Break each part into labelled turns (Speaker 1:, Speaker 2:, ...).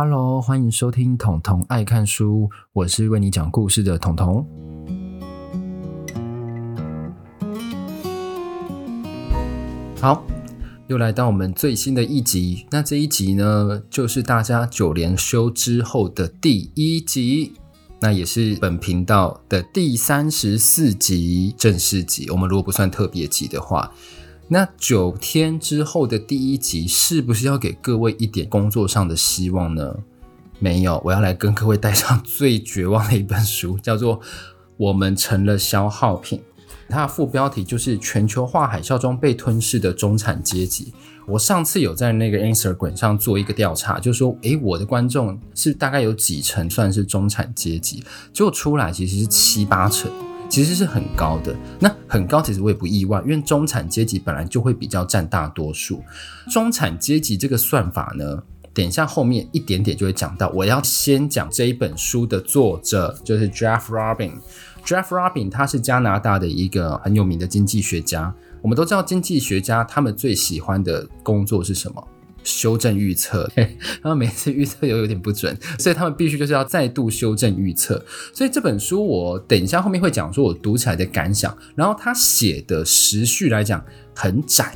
Speaker 1: Hello，歡迎收聽《統統愛看書》，我是為你講故事的統統。好，又來到我們最新的一集。那這一集呢，就是大家九連休之後的第一集，那也是本頻道的第三十四集正式集。我們如果不算特別集的話。那九天之後的第一集，是不是要給各位一點工作上的希望呢？沒有，我要來跟各位帶上最絕望的一本書，叫做《我們成了消耗品》，它的副標題就是《全球化海嘯中被吞噬的中產階級》。我上次有在那個 Instagram 上做一個調查，就說，誒，我的觀眾是大概有幾成算是中產階級？結果出來其實是七八成。其實是很高的，那很高，其實我也不意外，因為中產階級本來就會比較佔大多數。中產階級這個算法呢，等一下後面一點點就會講到。我要先講這一本書的作者，就是 Jeff Rubin。Jeff Rubin 他是加拿大的一個很有名的經濟學家。我們都知道，經濟學家他們最喜歡的工作是什麼？修正預測，嘿，然後每次預測又有點不準，所以他們必須就是要再度修正預測。所以這本書我等一下後面會講說我讀起來的感想，然後他寫的時序來講很窄，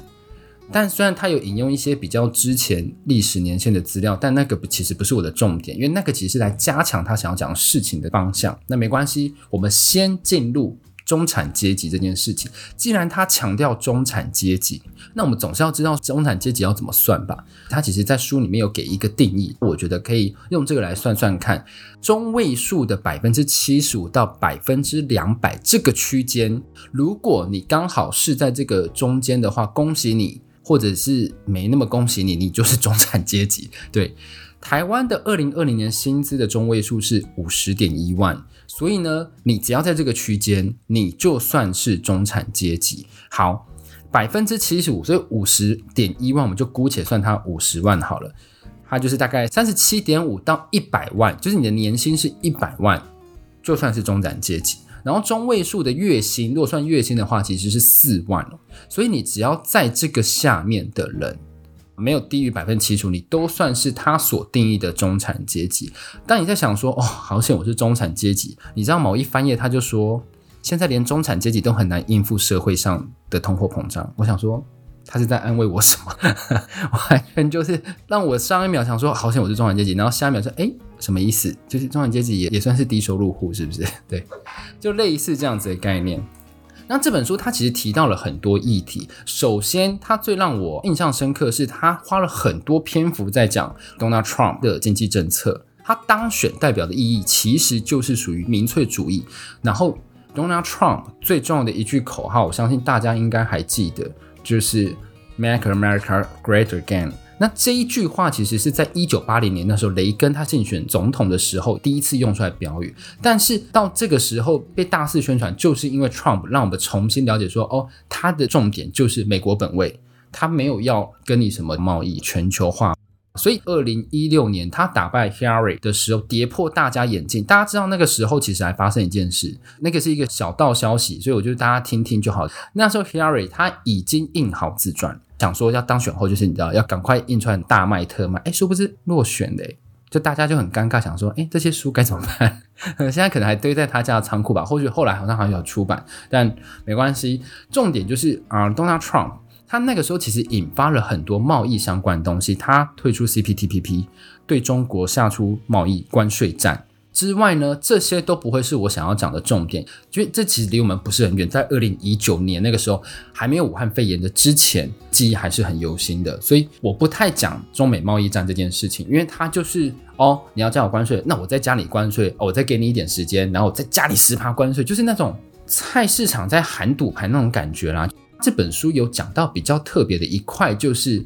Speaker 1: 但雖然他有引用一些比較之前歷史年限的資料，但那個其實不是我的重點，因為那個其實是來加強他想要講事情的方向。那沒關係，我們先進入。中產階級這件事情，既然他強調中產階級，那我們總是要知道中產階級要怎麼算吧？他其實，在書裡面有給一個定義，我覺得可以用這個來算算看，中位數的百分之七十五到百分之兩百這個區間，如果你剛好是在這個中間的話，恭喜你，或者是沒那麼恭喜你，你就是中產階級。對，台灣的二零二零年薪資的中位數是五十點一萬。所以呢，你只要在這個區間，你就算是中產階級。好，百分之七十五，所以五十點一萬，我們就姑且算它五十萬好了。它就是大概三十七點五到一百萬，就是你的年薪是一百萬，就算是中產階級。然後中位數的月薪，如果算月薪的話，其實是四萬哦。所以你只要在這個下面的人。沒有低於百分之七十五，你都算是他所定義的中產階級。但你在想說，哦，好險我是中產階級。你知道某一翻頁，他就說，現在連中產階級都很難應付社會上的通貨膨脹。我想說，他是在安慰我什麼？完 全就是讓我上一秒想說，好險我是中產階級，然後下一秒說，哎，什麼意思？就是中產階級也也算是低收入戶，是不是？對，就類似這樣子的概念。那這本書它其實提到了很多議題。首先，它最讓我印象深刻是，它花了很多篇幅在講 Donald Trump 的經濟政策。他當選代表的意義其實就是屬於民粹主義。然後，Donald Trump 最重要的一句口號，我相信大家應該還記得，就是 Make America Great Again。那這一句話其實是在一九八零年那時候，雷根他競選總統的時候第一次用出來標語，但是到這個時候被大肆宣傳，就是因為 Trump 讓我們重新了解說，哦，他的重點就是美國本位，他沒有要跟你什麼貿易全球化。所以，二零一六年他打敗 Hillary 的時候，跌破大家眼鏡。大家知道那個時候，其實還發生一件事，那個是一個小道消息，所以我就大家聽聽就好。那時候 Hillary 他已經印好自傳，想說要當選後就是你知道要趕快印出來大賣特賣。哎，殊不知落選嘞，就大家就很尷尬，想說哎這些書該怎麼辦？現在可能還堆在他家的倉庫吧。或許後來好像好像有出版，但沒關係。重點就是啊，Donald Trump。他那個時候其實引發了很多貿易相關的東西，他退出 CPTPP，對中國下出貿易關稅戰之外呢，這些都不會是我想要講的重點，因為這其實離我們不是很遠，在二零一九年那個時候還沒有武漢肺炎的之前，記憶還是很猶新的，所以我不太講中美貿易戰這件事情，因為它就是哦，你要加我關稅，那我再加你關稅，哦，我再給你一點時間，然後我再加你十趴關稅，就是那種菜市場在喊賭盤那種感覺啦。這本書有講到比較特別的一塊，就是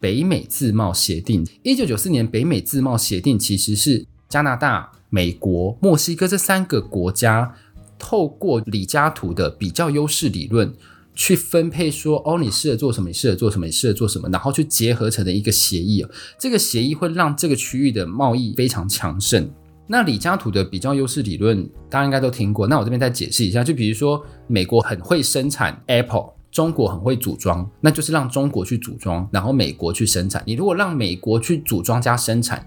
Speaker 1: 北美自貿協定。一九九四年，北美自貿協定其實是加拿大、美國、墨西哥這三個國家透過李嘉圖的比較優勢理論去分配，說哦你，你適合做什麼，你適合做什麼，你適合做什麼，然後去結合成的一個協議。這個協議會讓這個區域的貿易非常強盛。那李嘉圖的比較優勢理論，大家應該都聽過。那我這邊再解釋一下，就比如說美國很會生產 Apple。中國很會組裝，那就是讓中國去組裝，然後美國去生產。你如果讓美國去組裝加生產。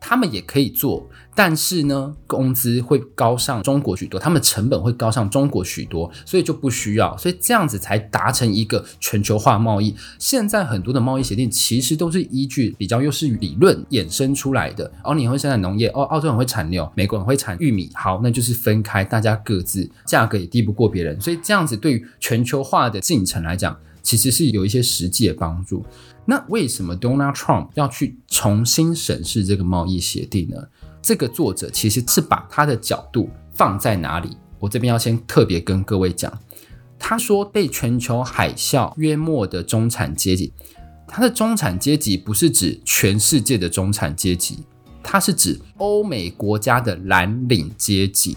Speaker 1: 他們也可以做，但是呢，工資會高上中國許多，他們成本會高上中國許多，所以就不需要，所以這樣子才達成一個全球化貿易。現在很多的貿易協定其實都是依據比較優勢理論衍生出來的。哦，你會生產農業，哦，澳洲人會產牛，美國人會產玉米，好，那就是分開，大家各自價格也低不過別人，所以這樣子對於全球化的進程來講，其實是有一些實際的幫助。那為什麼 Donald Trump 要去重新審視這個貿易協定呢？這個作者其實是把他的角度放在哪裡？我這邊要先特別跟各位講，他說，被全球海嘯淹沒的中產階級，他的中產階級不是指全世界的中產階級，它是指歐美國家的藍領階級，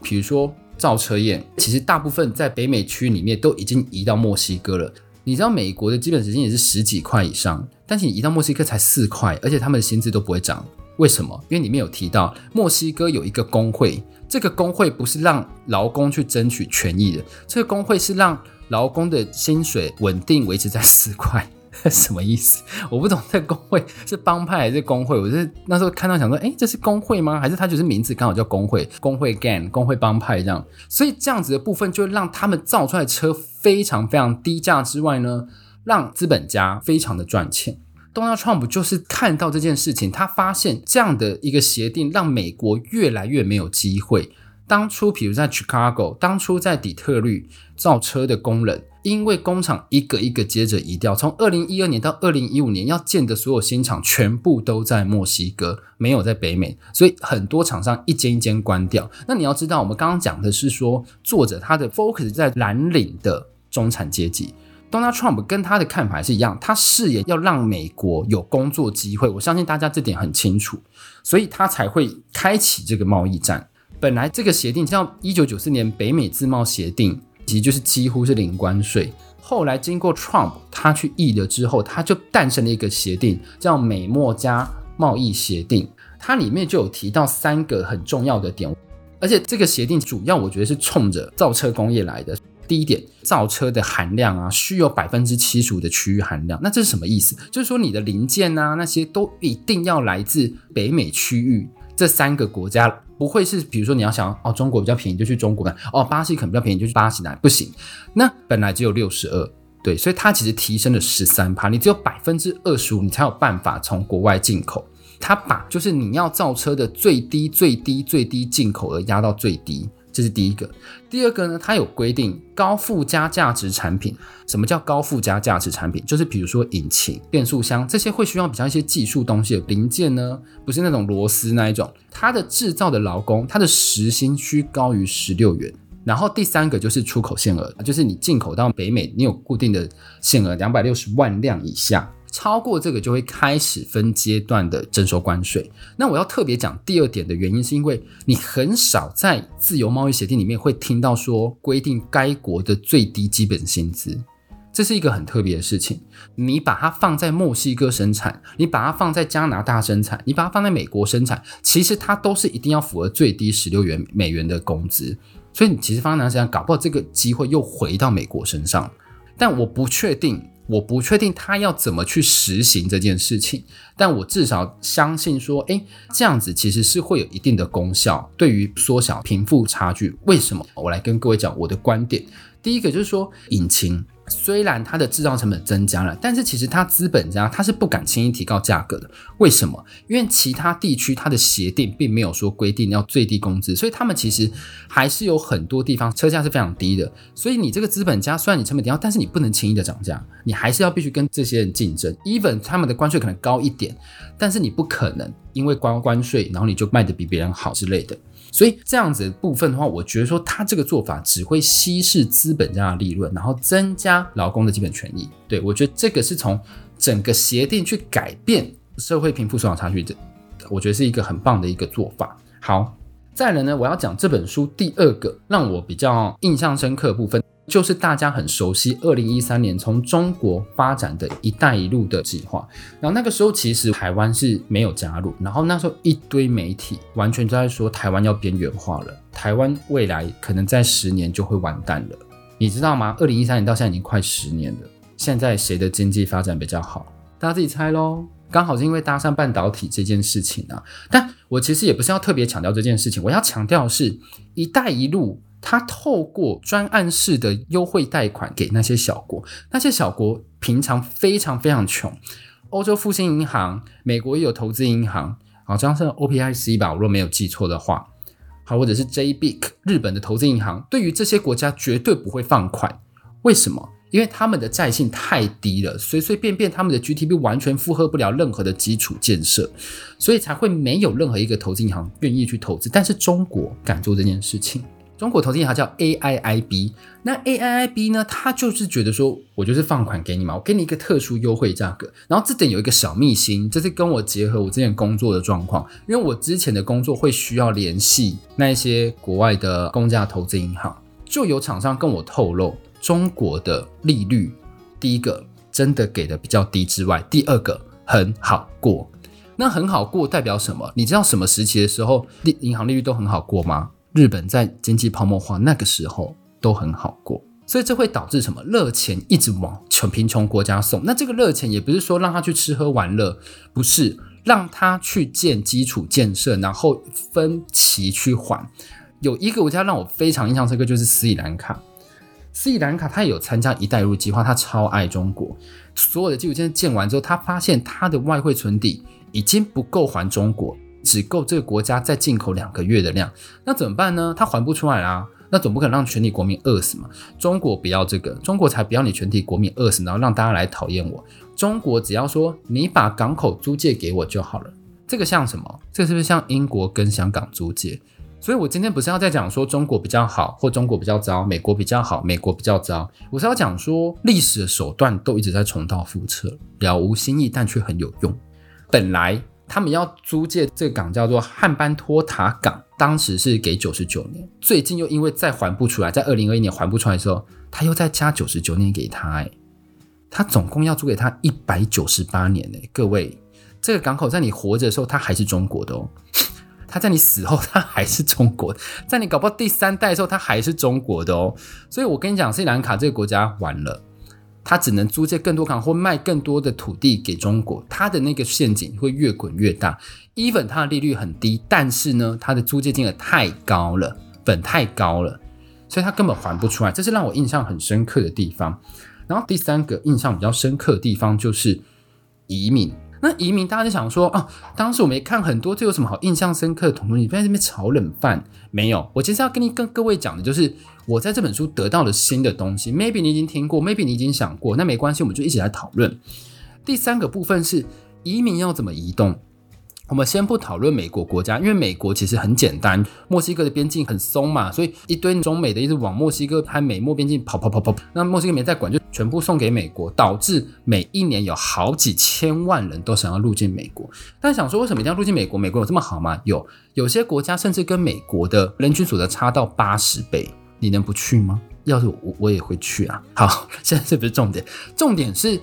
Speaker 1: 比如說造車業，其實大部分在北美區裡面都已經移到墨西哥了。你知道美國的基本時薪也是十幾塊以上，但是你移到墨西哥才四塊，而且他們的薪資都不會漲。為什麼？因為裡面有提到，墨西哥有一個工會，這個工會不是讓勞工去爭取權益的，這個工會是讓勞工的薪水穩定維持在四塊。 什麼意思？我不懂，這工會是幫派還是工會？我是那時候看到想說，哎、欸，這是工會嗎？還是他就是名字剛好叫工會？工會 gang，工會幫派這樣。所以這樣子的部分，就讓他們造出來的車非常非常低價之外呢，讓資本家非常的賺錢。Donald Trump 就是看到這件事情，他發現這樣的一個協定，讓美國越來越沒有機會。當初，比如在 Chicago，當初在底特律造車的工人。因為工廠一個一個接着移掉，從二零一二年到二零一五年要建的所有新廠全部都在墨西哥，沒有在北美，所以很多廠商一間一間關掉。那你要知道，我們剛剛講的是說，作者他的 focus 在藍領的中產階級，Donald Trump 跟他的看法還是一樣，他誓言要讓美國有工作機會，我相信大家這點很清楚，所以他才會開啟這個貿易戰。本來這個協定像一九九四年北美自貿協定。其實就是幾乎是零關稅。後來經過 Trump 他去議、e、了之後，他就誕生了一個協定，叫美墨加貿易協定。它裡面就有提到三個很重要的點，而且這個協定主要我覺得是衝着造車工業來的。第一點，造車的含量啊，需要百分之七十五的區域含量。那這是什麼意思？就是說你的零件啊，那些都一定要來自北美區域這三個國家。不會是，比如說你要想哦，中國比較便宜就去中國買哦，巴西可能比較便宜就去巴西買，不行。那本來只有六十二，對，所以它其實提升了十三趴，你只有百分之二十五你才有辦法從國外進口，它把就是你要造車的最低最低最低進口額壓到最低。這是第一個。第二個呢，它有規定高附加價值產品。什麼叫高附加價值產品？就是比如說引擎、變速箱這些會需要比較一些技術東西的零件呢，不是那種螺絲那一種。它的製造的勞工，它的時薪需高於十六元。然後第三個就是出口限額，就是你進口到北美，你有固定的限額，兩百六十萬輛以下。超過這個就會開始分階段的徵收關稅。那我要特別講第二點的原因，是因為你很少在自由貿易協定裡面會聽到說規定該國的最低基本薪資，這是一個很特別的事情。你把它放在墨西哥生產，你把它放在加拿大生產，你把它放在美國生產，其實它都是一定要符合最低十六元美元的工資。所以你其實放在那這樣搞不好，這個機會又回到美國身上。但我不確定。我不確定他要怎麼去實行這件事情，但我至少相信說，哎、欸，這樣子其實是會有一定的功效，對於縮小貧富差距。為什麼？我來跟各位講我的觀點。第一個就是說，引擎。雖然它的制造成本增加了，但是其實它資本家他是不敢輕易提高價格的。為什麼？因為其他地區它的協定並沒有說規定要最低工資，所以他們其實還是有很多地方車價是非常低的。所以你這個資本家，雖然你成本提高，但是你不能輕易的漲價，你還是要必須跟這些人競爭。even 他們的關稅可能高一點，但是你不可能因為關關稅，然後你就賣得比別人好之類的。所以這樣子的部分的話，我覺得說他這個做法只會稀釋資本家的利潤，然後增加勞工的基本權益。對，我覺得這個是從整個協定去改變社會貧富縮小差距的，我覺得是一個很棒的一個做法。好，再來呢，我要講這本書第二個讓我比較印象深刻的部分。就是大家很熟悉，二零一三年從中國發展的一帶一路的計劃。然後那個時候，其實台灣是沒有加入。然後那時候一堆媒體完全就在說台灣要邊緣化了，台灣未來可能在十年就會完蛋了。你知道嗎？二零一三年到現在已經快十年了。現在誰的經濟發展比較好？大家自己猜嘍。剛好是因為搭上半導體這件事情啊。但我其實也不是要特別強調這件事情，我要強調的是一帶一路。他透過專案式的優惠貸款給那些小國，那些小國平常非常非常窮，歐洲復興銀行、美國也有投資銀行，好，這樣是 OPIC 吧？我若沒有記錯的話，好，或者是 JBIC，日本的投資銀行，對於這些國家絕對不會放款。為什麼？因為他們的債性太低了，隨隨便便他們的 GDP 完全負荷不了任何的基礎建設，所以才會沒有任何一個投資銀行願意去投資。但是中國敢做這件事情。中國投資銀行叫 AIIB，那 AIIB 呢？它就是覺得說，我就是放款給你嘛，我給你一個特殊優惠價格。然後這點有一個小秘辛，這是跟我結合我之前工作的狀況，因為我之前的工作會需要聯繫那一些國外的公家投資銀行，就有廠商跟我透露，中國的利率，第一個真的給的比較低之外，第二個很好過。那很好過代表什麼？你知道什麼時期的時候利銀行利率都很好過嗎？日本在經濟泡沫化那個時候都很好過，所以這會導致什麼？熱錢一直往窮貧窮國家送。那這個熱錢也不是說讓他去吃喝玩樂，不是讓他去建基礎建設，然後分期去還。有一個國家讓我非常印象深刻，就是斯里蘭卡。斯里蘭卡他也有參加“一帶一路”計劃，他超愛中國。所有的基礎建設建完之後，他發現他的外匯存底已經不夠還中國，只夠這個國家再進口兩個月的量，那怎麼辦呢？他還不出來啦、啊，那總不可能讓全體國民餓死嘛？中國不要這個，中國才不要你全體國民餓死，然後讓大家來討厭我。中國只要說你把港口租借給我就好了，這個像什麼？這個、是不是像英國跟香港租借？所以我今天不是要再講說中國比較好或中國比較糟，美國比較好，美國比較糟，我是要講說歷史的手段都一直在重蹈覆轍，了無新意，但卻很有用。本來。他們要租借這個港叫做漢班托塔港，當時是給九十九年，最近又因為再還不出來，在二零二一年還不出來的時候，他又再加九十九年給他、欸，他總共要租給他一百九十八年、欸，呢。各位，這個港口在你活着的時候，它還是中國的哦、喔， 它在你死後，它還是中國的，在你搞不到第三代的時候，它還是中國的哦、喔，所以我跟你講，斯里蘭卡這個國家完了。它只能租借更多港或賣更多的土地給中國，它的那個陷阱會越滾越大。Even 它的利率很低，但是呢，它的租借金額太高了，本太高了，所以它根本還不出來。這是讓我印象很深刻的地方。然後第三個印象比較深刻的地方就是移民。那移民大家就想說啊，當時我沒看很多，這有什麼好印象深刻的？統統你在這邊炒冷飯沒有？我其實要跟你跟各位講的，就是我在這本書得到了新的東西。Maybe 你已經聽過，Maybe 你已經想過，那沒關係，我們就一起來討論。第三個部分是移民要怎麼移動。我們先不討論美國國家，因為美國其實很簡單，墨西哥的邊境很鬆嘛，所以一堆中美的一直往墨西哥，拍美墨邊境跑跑跑跑，那墨西哥沒在管，就全部送給美國，導致每一年有好幾千萬人都想要入境美國。但想說為什麼一定要入境美國？美國有這麼好嗎？有有些國家甚至跟美國的人均所得差到八十倍，你能不去嗎？要是我，我也會去啊。好，現在這不是重點，重點是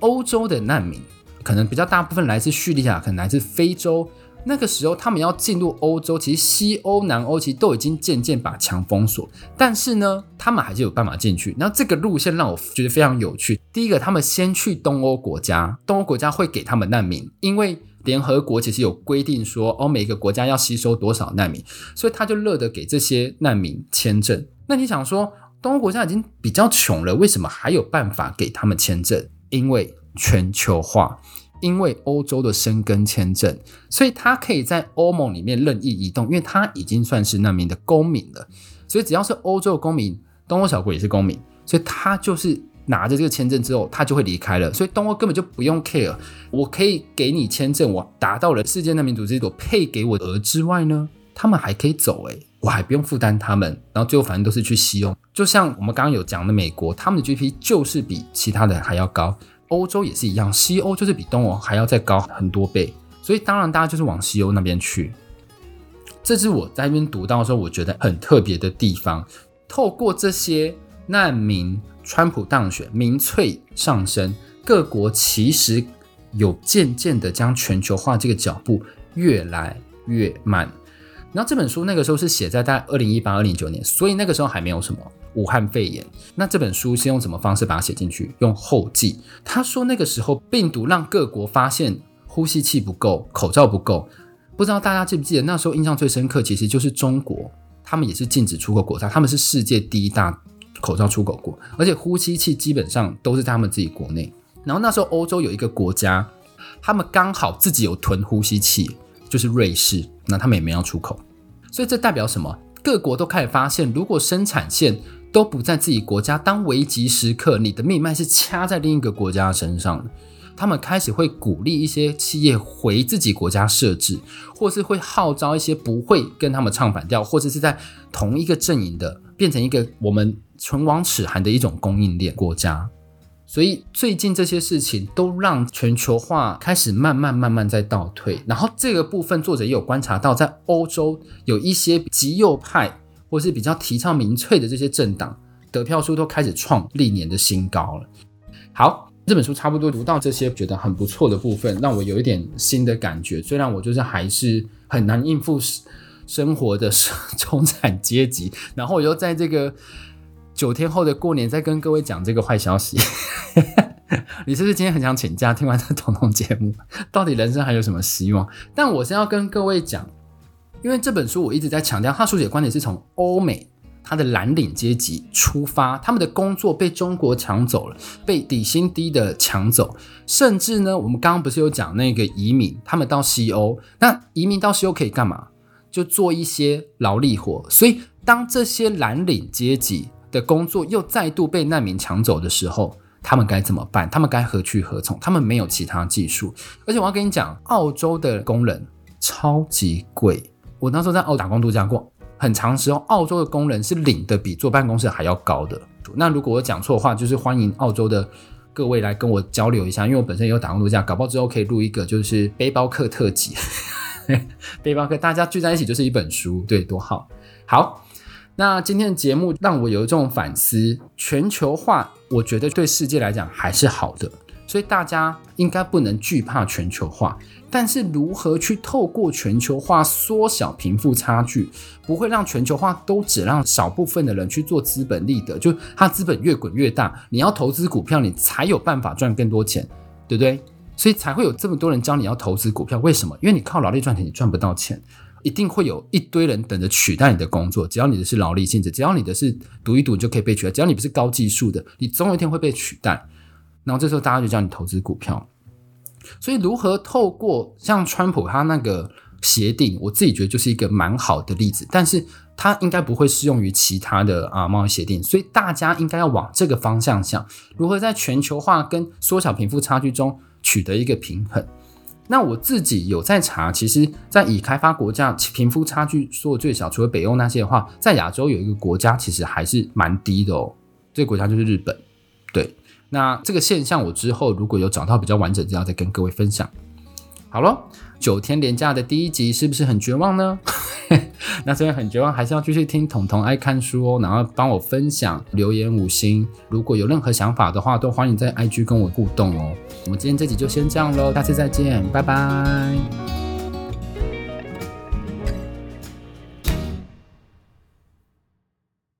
Speaker 1: 歐洲的難民。可能比較大部分來自敘利亞，可能來自非洲。那個時候他們要進入歐洲，其實西歐、南歐其實都已經漸漸把牆封鎖，但是呢，他們還是有辦法進去。那這個路線讓我覺得非常有趣。第一個，他們先去東歐國家，東歐國家會給他們難民，因為聯合國其實有規定說，哦，每個國家要吸收多少難民，所以他就樂得給這些難民簽證。那你想說，東歐國家已經比較窮了，為什麼還有辦法給他們簽證？因為。全球化，因為歐洲的申根簽證，所以他可以在歐盟裡面任意移動，因為他已經算是難民的公民了。所以只要是歐洲的公民，東歐小國也是公民，所以他就是拿着這個簽證之後，他就會離開了。所以東歐根本就不用 care，我可以給你簽證，我達到了世界難民組織所配給我的額之外呢，他們還可以走，欸，誒，我還不用負擔他們。然後最後反正都是去西歐，就像我們剛剛有講的，美國他們的 GP 就是比其他的還要高。歐洲也是一樣，西歐就是比東歐還要再高很多倍，所以當然大家就是往西歐那邊去。這是我在那邊讀到的時候，我覺得很特別的地方。透過這些難民、川普當選、民粹上升，各國其實有漸漸的將全球化這個腳步越來越慢。然後這本書那個時候是寫在大概二零一八二零一九年，所以那個時候還沒有什麼武漢肺炎。那這本書是用什麼方式把它寫進去？用後記。他說那個時候病毒讓各國發現呼吸器不夠，口罩不夠。不知道大家記不記得，那時候印象最深刻其實就是中國，他們也是禁止出口國家，他們是世界第一大口罩出口國，而且呼吸器基本上都是在他們自己國內。然後那時候歐洲有一個國家，他們剛好自己有囤呼吸器。就是瑞士，那他們也沒要出口，所以這代表什麼？各國都開始發現，如果生產線都不在自己國家，當危急時刻，你的命脈是掐在另一個國家的身上，他們開始會鼓勵一些企業回自己國家設置，或是會號召一些不會跟他們唱反調，或者是在同一個陣營的，變成一個我們唇亡齒寒的一種供應鏈國家。所以最近這些事情都讓全球化開始慢慢慢慢在倒退，然後這個部分作者也有觀察到，在歐洲有一些極右派或是比較提倡民粹的這些政黨得票數都開始創歷年的新高了。好，這本書差不多讀到這些，覺得很不錯的部分，讓我有一點新的感覺。雖然我就是還是很難應付生活的中產階級，然後我又在這個。九天後的過年再跟各位講這個壞消息， 你是不是今天很想請假？聽完這統統節目，到底人生還有什麼希望？但我先要跟各位講，因為這本書我一直在強調，他書寫觀點是從歐美，他的藍領階級出發，他們的工作被中國搶走了，被底薪低的搶走，甚至呢，我們剛剛不是有講那個移民，他們到西歐，那移民到西歐可以幹嘛？就做一些勞力活。所以當這些藍領階級的工作又再度被難民搶走的時候，他們該怎麼辦？他們該何去何從？他們沒有其他技術，而且我要跟你講，澳洲的工人超級貴。我那時候在澳打工度假過，很長時候澳洲的工人是領的比坐辦公室還要高的。那如果我講錯的話，就是歡迎澳洲的各位來跟我交流一下，因為我本身也有打工度假，搞不好之後可以錄一個就是背包客特輯， 背包客大家聚在一起就是一本書，對，多好，好。那今天的節目讓我有一種反思，全球化，我覺得對世界來講還是好的，所以大家應該不能懼怕全球化，但是如何去透過全球化縮小貧富差距，不會讓全球化都只讓少部分的人去做資本利得，就他資本越滾越大，你要投資股票你才有辦法賺更多錢，對不對？所以才會有這麼多人教你要投資股票，為什麼？因為你靠勞力賺錢，你賺不到錢。一定會有一堆人等着取代你的工作，只要你的是勞力性質，只要你的是讀一讀就可以被取代，只要你不是高技術的，你總有一天會被取代。然後這時候大家就叫你投資股票。所以如何透過像川普他那個協定，我自己覺得就是一個蠻好的例子，但是它應該不會適用於其他的啊貿易協定。所以大家應該要往這個方向想，如何在全球化跟縮小貧富差距中取得一個平衡。那我自己有在查，其實，在已開發國家貧富差距說最小，除了北歐那些的話，在亞洲有一個國家其實還是蠻低的哦。這個國家就是日本。對，那這個現象我之後如果有找到比較完整資料，再跟各位分享。好了。九天連假的第一集是不是很絕望呢？ 那雖然很絕望，還是要繼續聽統統愛看書哦。然後幫我分享留言五星。如果有任何想法的話，都歡迎在 IG 跟我互動哦。我們今天這集就先這樣嘍，下次再見，拜拜。